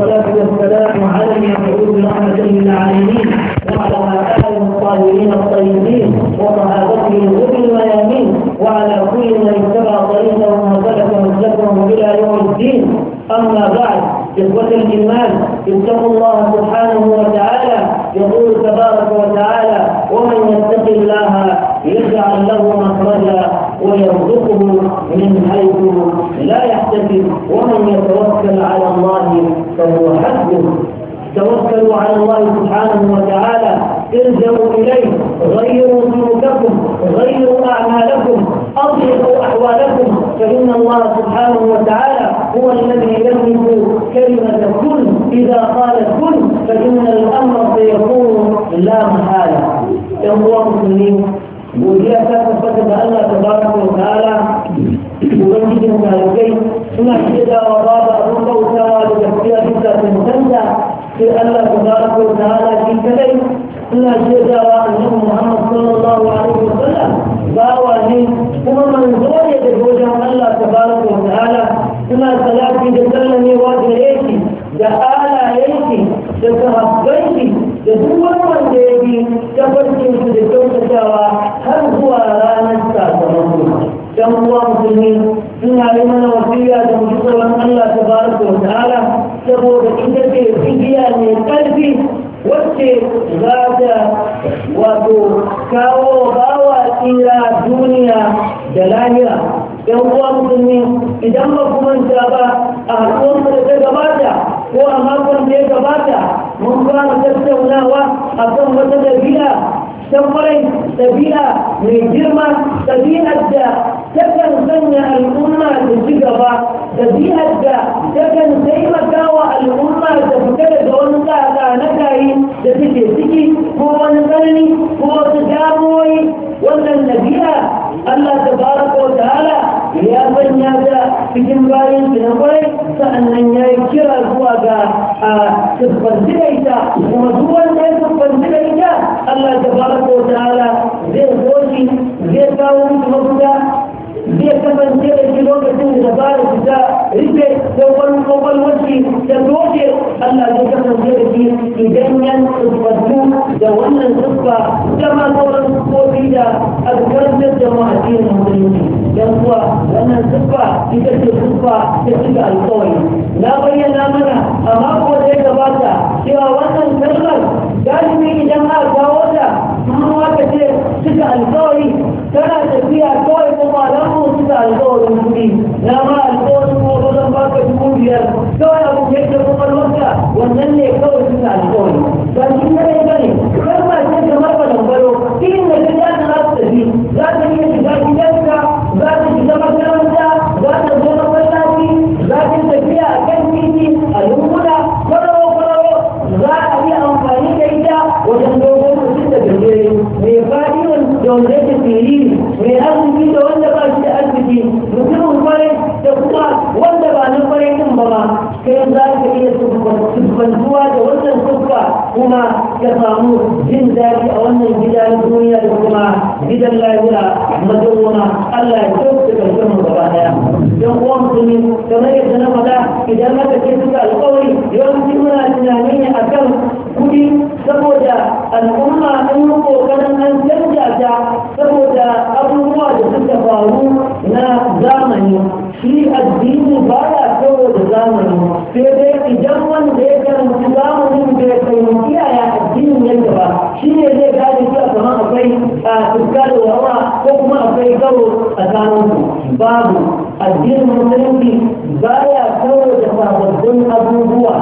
والصلاة والسلام على المبعوث رحمة للعالمين وعلى آله الطاهرين الطيبين وصحابته غر الميامين وعلى كل من اتبع طريقه وسلك مسلكهم إلى يوم الدين أما بعد إخوة الإيمان اتقوا الله سبحانه وتعالى يقول تبارك وتعالى ومن يتق الله يجعل له مخرجا ويرزقه من حيث لا يحتسب ومن يتوكل فهو حسبه توكلوا على الله سبحانه وتعالى ارجعوا إليه غيروا سلوككم غيروا أعمالكم أصلحوا أحوالكم فإن الله سبحانه وتعالى هو الذي يملك كلمة كن إذا قالت كن فإن الأمر سيكون لا محالة يا الله المسلمين ودي أساس الله تبارك وتعالى ubangijin talibai suna shaidawa babu abin bautawa da gaskiya bisa tantanta sai Allah ta ba ko ta hada shi kadai suna a annabi Muhammad sallallahu alaihi wa sallam bawa ne kuma manzo ne da wajen Allah ta ba ko ta hada suna salati da sallame sallamewa da yake da alayenki da sahabbanki da duk wani wanda ya bi tabbatin su da kyautatawa dan uwa musulmi suna yi mana wasiya da mu tsoron Allah tabaraka wa ta'ala saboda ita ce tsigiya mai karfi wacce za ta wato kawo bawa tsira duniya da lahira yan uwa musulmi idan ba kuma manta ah, ba a haɗuwar da ta gabata ko a makon mun fara tattaunawa a kan wata dabi'a ta kwarai dabi'a mai girma dabi'ar da takan sanya al'umma da ci gaba dabi'ar da takan taimaka wa al'umma da fita daga wani tsaka na kayi da take ciki ko wani tsanani ko wasu damuwoyi wannan dabi'a Allah tabaraka wa ta'ala ya sanya da cikin bayan su na kwarai sa'annan ya yi kira zuwa ga a tuffar da ita kuma zuwan wanda ya siffanci da ita Allah ta fara ko ta'ala zai zoci zai kawo musu mafuta zai kasance da shi lokacin da ba da fita rufe wani kokon wuce da doke Allah zai kasance da shi idan yan tsubatu da wannan tsubba ta ma sauran tsubbobi da azkartar da ma'ajiyar musulunci don ita ce kufa ta cika alkawari na bayyana mana a mako da ya gabata cewa wannan kalmar galibi idan aka kawo ta kuma aka ce cika alkawari tana tafiya kawai kuma alamu cika alkawarin kuɗi na ma alkawarin kuma zan baka dubu biyar kawai abu da kuma wannan ne kawai cika alkawari siffantuwa da wannan siffa kuma ya samu jin daɗi a wannan gida na duniya da kuma gidan lafiya madawwama Allah ya kyautu karshen mu gaba daya don uwa musulmi kamar yadda na faɗa idan aka ce suka alƙawari yawanci muna tunani ne kan kuɗi saboda al'umma an yi ƙoƙarin an canja ta saboda abubuwa da suka faru na zamani shi addini ba ya kawo da zamani sai dai idan wanda ya karanta zamanin da ya fahimci yaya addinin yadda ba shi ne zai gane cewa kamar akwai fuska da ko kuma akwai karo tsakanin su babu addinin musulunci baya kawo da sababbin abubuwa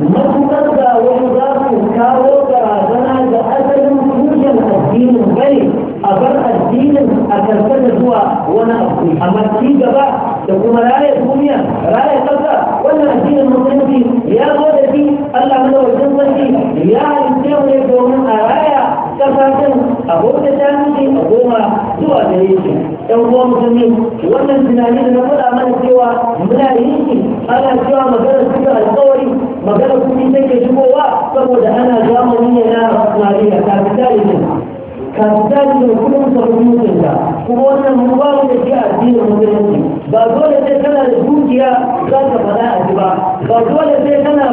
matuƙar da wani za su kawo barazana da asalin tushen addinin bane a bar addinin a karkata zuwa wani abu amma ci gaba da kuma raya duniya raya kasa wannan addinin musulunci ya zo da shi Allah mana wajen wani ya halitta ne domin a raya kasashen abota ta nufi a goma zuwa da yake ɗan uwa wannan tunani da na faɗa mana cewa muna yin ana cewa maganar su da alƙawari maganar kuɗi take shigowa saboda ana zamani yana na Maliya ta fita kansali da kudin da mutuncinka kuma wannan da a addinin musulunci ba dole sai kana da dukiya za ka faɗa a ji ba ba dole